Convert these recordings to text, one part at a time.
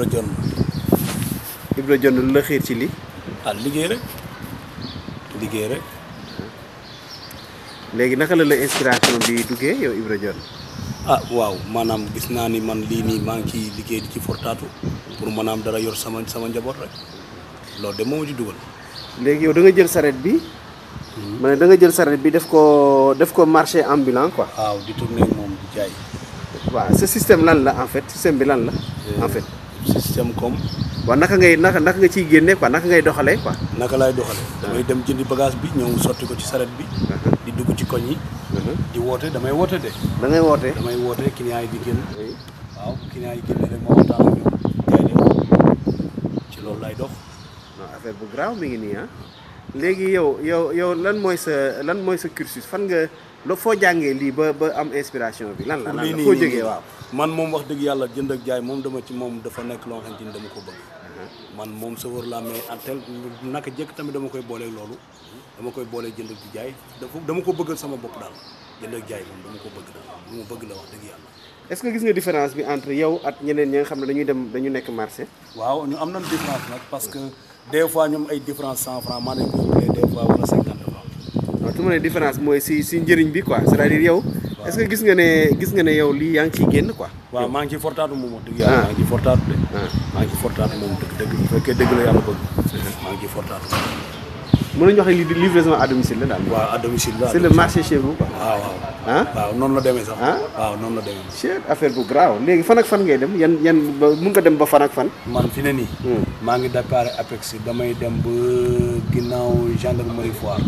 Ibra Jonn. Ibra Jonn lu la xiir ci lii. ah liggéey rek liggéey rek. léegi naka la la inspiration bi duggee yow Ibra ah waaw maanaam gis naa ni man lii nii maa ngi ciy liggéey di ci fortaatu pour maanaam dara yor sama sama njaboot rek loolu de moo ma ci dugal. léegi yow da nga jël saret bi. Hmm? ma danga jël saret bi def ko def ko marché ambulant quoi. waaw di tourner moom jaay. waaw ce système lan la en fait système bi lan la en euh, système comme. waaw naka ngay naka naka nga ciy génne quoi naka ngay doxalee quoi. naka laay doxalee. Ah. damay dem jëndi bagage bi ñëw sotti ko ci saret bi. Uh-huh. di dugg ci koñ yi. Uh-huh. di woote damay woote de. da ngay woote damay woote client yi di génn. waaw client yi génn rek moo waxtaan ak ci loolu laay dox. non affaire bu grave mi ngi nii ah. léegi yow yow yow lan mooy sa lan mooy sa cursus fan nga loo foo jàngee lii ba ba am inspiration bi lan la lan la foo jógee waaw man moom wax dëgg yàlla jënd ak jaay moom dama ci moom dafa nekk loo xamante ni dama ko bëgg uh-huh. man moom sa wër laa mais en jëkk tamit dama koy boolee loolu dama koy boolee jënd ak jaay dafa dama ko bëggal sama bopp daal jënd ak jaay moom dama ko bëgg daal lu ma bëgg la wax dëgg yàlla est-ce que gis nga différence bi entre yow ak ñeneen ñi nga xam ne dañuy dem dañu nekk marché waaw ñu am nañ différence nag parce que des fois ñoom ay différence cent franc maa nañ ko ëppalee des waaw su ma ne différence mooy si si njëriñ bi quoi c'est-à-dire yow est-ce que gis nga ne gis nga ne yow lii yaa ngi ki génn ko waaw maa ngi ci fortaatu moom wax dëgg yàlla ah. maa ngi fortaatu de ah. maa ngi fortaatu moom dëgg dëgg bu fekkee dëgg la yàlla bëgg maa mën nañu wax ne lii livraison à domicile la daal. waaw à domicile la c'est ah, noonu la demee sax. ah noonu la demee. affaire bu grave léegi fan fan ngay dem yan yan ba mun nga dem ba fan ak fan. man fi ne nii. Hmm. maa ngi départ APEX damay dem ba ginnaaw gendarmerie foire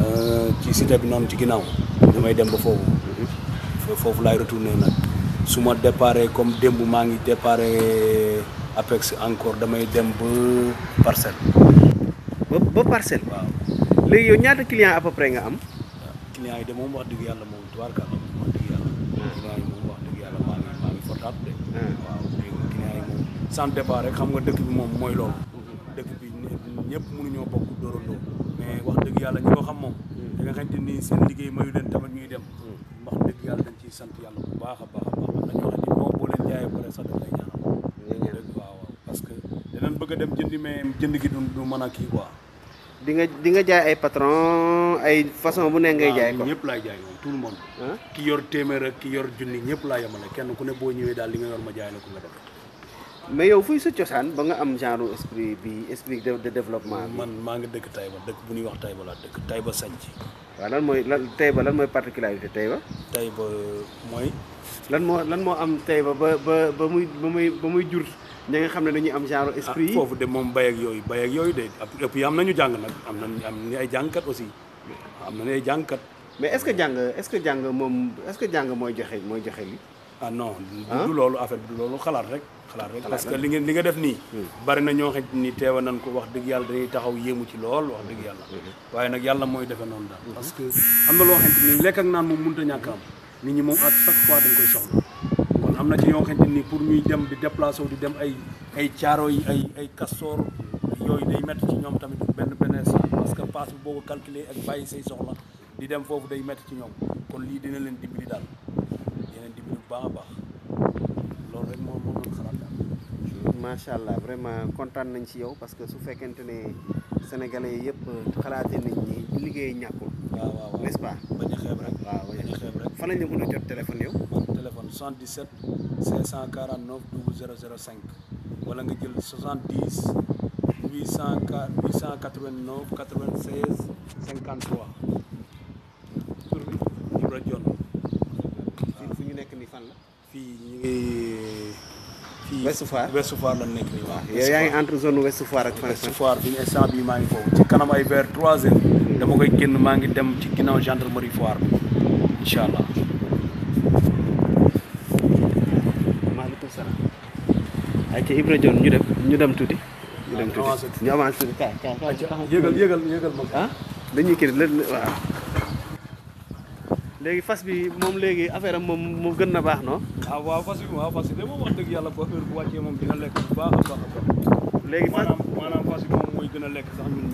euh, ci cité bi ci ginnaaw damay dem ba foofu. Hmm. foofu lay retourné nag su ma départ comme démb maa ngi départ APEX encore damay dem ba parcelle. ba parcelle. waaw léegi yow ñaata client à peu près nga am. client yi de moom wax dëgg yàlla moom ka moom wax dëgg yàlla. client yi moom wax dëgg yàlla maa ngi maa ngi fortaat de. Ah. waaw léegi client yi moom sans départ rek xam nga dëkk bi moom mooy loolu. dëkk bi ñëpp mënuñoo bokk dóorandoo mais wax dëgg yàlla ñi ko xam moom. da nga xamante ni seen liggéey mayu leen tamit ñuy dem. wax dëgg yàlla dañ ciy sant yàlla bu baax a baax a baax dañoo xam ni moom boo leen jaayee ba pare sax dañ lay ñaanal. dëgg waaw parce que danañ bëgg a dem jëndi mais jënd gi du du mën a kii quoi. di nga di nga jaay ay patron ay façon bu nee ngay jaay ko ñëpp laay jaay moom tout le monde ki yor téeméer ak ki yor junni ñëpp laa yemale kenn ku ne boo ñëwee daal li nga yor ma jaay la ko nga def mais yow fuy sa cosaan ba nga am genre esprit bi esprit de développement man maa ngi dëkk ba dëkk bu ñuy wax Taïba laa dëkk Taïba Sanc waa lan mooy lan Taïba lan mooy particularité Taïba ba mooy lan moo lan moo am Taïba ba ba ba muy ba muy ba muy jur ñi nga xam ne dañuy am genre ah, esprit yi foofu de moom bay ak yooyu bay ak yooyu de et puis am nañu jàng nag am nañu ay jàngkat aussi am nañu ay jàngkat. mais est-ce que jàng est-ce que jàng moom est-ce que jàng mooy joxe mooy joxe ah, ah? loolu affaire bi du xalaat rek xalaat rek parce que li nga li nga def nii hmm. bari na ñoo xam ni teewa nañ ko wax dëgg yàlla dañuy taxaw yéemu ci lool wax dëgg yàlla hmm. waaye nag yàlla mooy defe noonu daal hmm. parce que am na loo xam ni lekk ak naan moom mënut a ñàkk am nit ñu moom à chaque fois dañ koy soxla am na ci ñoo xamante pour ñuy dem di déplacé wu di dem ay caaro yi ay ay kastoor yooyu day métti ci ñoom tamit benn benn parce que pass bi boo ko calculé ak bàyyi say soxla di dem foofu day métti ci ñoom kon lii dina leen dimbali daal dina leen bu baax a baax loolu rek moom moom lañ xalaat daal. macha allah vraiment kontaan nañ ci yow parce que su fekkente ne sénégalais yëpp xalaatee nañ ni liggéey ñàkkul. waaw waaw n'est-ce pas. bañ waaw fan lañ la mën a jot téléphone yow. téléphone 77 549 0005 wala nga jël 70 804 889 96 53 tur fi ñu nekk nii fan la. fii ñu ngi. fii Ouest Foire la nekk nii waaw. yow yaa ngi entre zone Ouest Foire ak. fan Ouest Foire bi instant bii maa ngi foofu ci kanam ay vers 3 heures. dama koy génn maa ngi dem ci ginnaaw gendarmerie Foire bi. incha allah. maaleykum salaam. ayca Ibra Dione ñu dem ñu dem tuuti. ñu dem tuuti ñu avancé tuuti kaay kaay kaay. yëgal yëgal yëgal ma ah dañuy kii la waaw. léegi fas bi moom léegi affaire moom mu gën na baax non. ah waaw fas bi waaw moom wax dëgg yàlla ba heure bu wàccee lekk bu baax a gën a lekk sax ñun.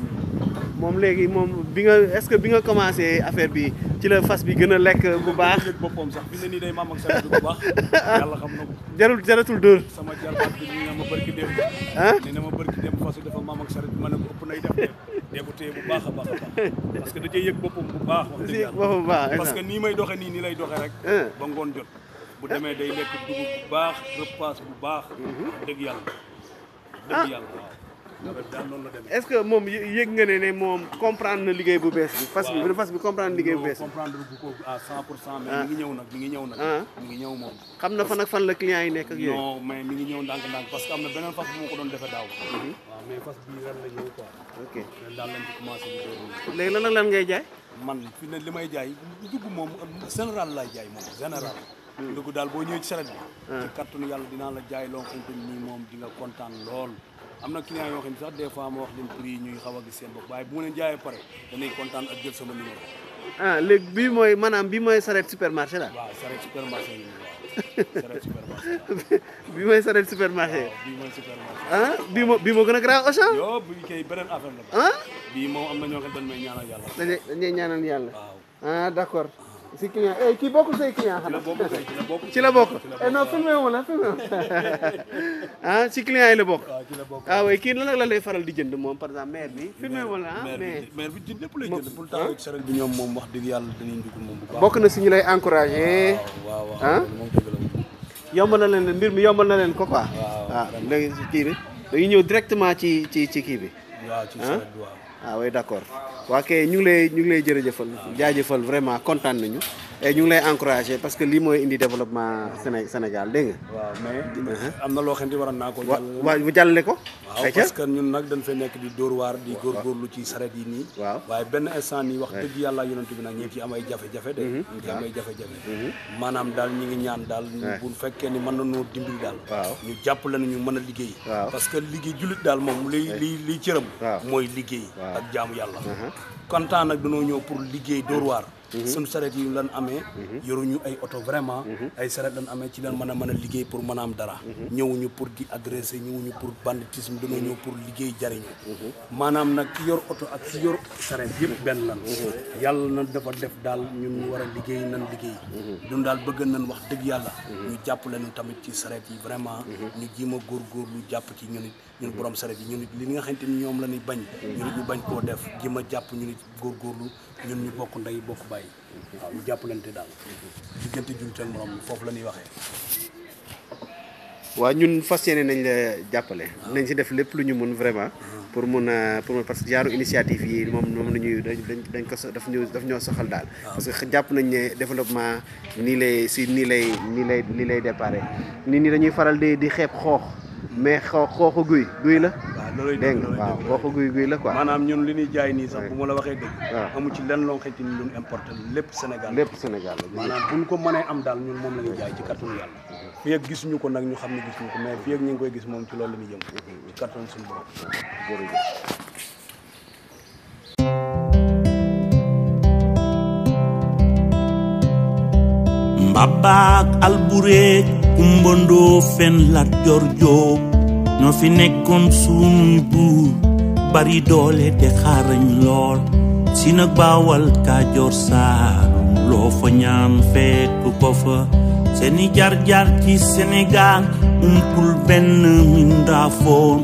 moom léegi moom bi nga est bi nga commencé affaire bi. ci la fas bi gën a lekk bu baax. boppam sax fi mu ne nii day maam ak xam na ko. jarul jaratul dóor. sama jarbaat bi ñu ma barki démb. ah nee na ma barki démb fas bi dafa maam ak sareet bi ma ne ko ëpp nay def dee bu baax a baax a baax parce que da cee yëg boppam bu baax. wax dëgg yàlla parce que nii may doxe nii ni lay doxee rek. Ah. ba ngoon jot bu demee day lekk dugub bu baax repas bu baax. Mm-hmm. dëgg yàlla dëgg ah. yàlla waaw. est ce que mom yëg nga ne mom comprendre na liggéey bu bess bi fas bi fas bi comprendre liggéey bu bess comprendre bu ko à 100 mais ah. mi ngi ñëw nag mi ngi ñew nak ah. mi ngi ñew mom xamna fa nak fan la client yi nek ak yoy non mais mi ngi ñew dank dank parce que amna benen fas bu ma ko doon defee mhm. mais fas bi ren la ñew quoi ok ren dal lañ ci commencer di dóor léegi lan lan ngay jaay man fi ne limay jaay dugg mom général hmm. ah. la jaay mom général dugg dal bo ñew ci saret bi ci carton yalla dina la jaay lo xamante ni mom di nga kontaan lool am na client yoo xam ne sax des fois ma wax leen prix yi ñuy xaw a gis seen bopp waaye bu ma leen jaayee pare dañuy kontaan ak jël sama numéro. ah léegi bii mooy maanaam bii mooy sareet supermarché la. waaw sareet supermarché yi waaw sareet supermarché. bii mooy sareet supermarché. waaw bii mooy supermarché. ah bii moo bii moo gën a grand Auchan. yoo bii kay beneen affaire la. ah bii moom am na ñoo xam ne dañ may ñaanal yàlla. dañuy dañuy ñaanal yàlla. waaw ah d' accord. si client eh kii bokkul say client ci la bokk eh non filmé wu la filmé ah si client yi la bokk ah oui kii nag la lay faral di jënd moom par exemple maire bi filmé wu la ah mais maire bi jënd lépp lay jënd pour taxaw ah? ci saret bi ñoom moom wax dëgg yàlla dañuy njukul bokk na si ñu lay encouragé waaw waaw ah? yombal na leen mbir mi yombal na leen ko quoi waaw ah, léegi kii directement ci ci ci kii bi ah oui d' accord waa kay ñu ngi lay ñu ngi lay jërëjëfal jaajëfal vraiment kontaan nañu. Eh, ñu ngi lay encouragé parce que lii mooy indi développement Sénégal dégg nga. waaw mais uh-huh. am na loo xam ne waroon naa ko. wa waaw bu jàllale ko. waaw parce ñun nag dañ fay nekk di dóor waar di góorgóorlu ci saret yi nii. waaw waaye benn instant nii wax dëgg yàlla yonent bi nag ñu ngi ci am ay jafe-jafe mm-hmm. ay jafe mm-hmm. maanaam daal ñu ngi ñaan daal. bu fekkee ni mën nañoo dimbali daal. waaw ñu jàpp la ñu mën a liggéey. parce que liggéey jullit daal moom li li li cëram. waaw mooy liggéey. jaamu yàlla uh-huh. kontaan nag dañoo ñëw pour liggéey dóor waar Mm-hmm. suñu sareet yi lan amee mm-hmm. yoru ñu ay oto vraiment mm-hmm. ay sareet lan amee ci lan mën a mën a liggéey pour mën a am dara ñëwuñu pour di agressé ñëwuñu pour banditisme dañoo ñëw pour liggéey jariñu maanaam nag ki yor oto ak ki yor sareet yëpp benn lan yàlla na dafa def daal ñun ñu war a liggéey nan liggéey dun daal bëgg nañ wax dëgg yàlla ñu jàpp lañu tamit ci sareet yi vraiment ñu jiima góorgóorlu jàpp ci ñun it ñun borom sare yi ñun li nga xanté ñom la ni bañ ñun ñu bañ ko def jima japp ñu nit góorgóorlu ñun ñu bokk ndey bokk bàyyi waaw ñu dal daal gënte julit tan borom fofu la ni waxee wa ñun fas nañ la jappalé ah. nañ ci def lepp lu ñu mën vraiment ah. pour mun a pour parce que jaru initiative yi mom mom la ñuy dañ dañ ko daf ñu daf ñoo soxal daal ah. parce que japp nañ ne développement ni lay si lay ni lay ni lay déparer nit ni dañuy faral di di xép xox mais xoo xooxu guy guy la. waaw loolay dégg nga waaw xooxu guy guy la quoi. maanaam ñun li ñuy jaay nii sax bu ma la waxee dëgg. waaw ah. amu ci lenn loo xamante ni luñ importé lépp Sénégal. lépp Sénégal la bu ñu ko mënee am daal ñun moom la ñuy jaay ci kàttanu yàlla. Mhm. fii ak gisuñu ko nag ñu xam ne gisuñu ko mais fii ñu ngi koy gis moom ci loolu la ñuy jëm. Mhm. ci kàttanu suñu Kumba Ndoofeen Lat Joor Joob ñoo fi nekkoon sunuy buur bari doole te xarañ lool si nag baawal Kajoor Saalum loo fa ñaan fekk ko fa seeni jaar-jaar ci Sénégal umpul benn mindaafoon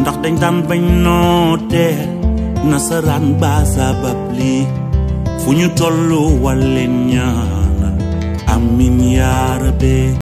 ndax dañ daan bañ nootee nasaraan baa sabab li fu ñu tollu wàlleen ñaanal amin yaa rabbi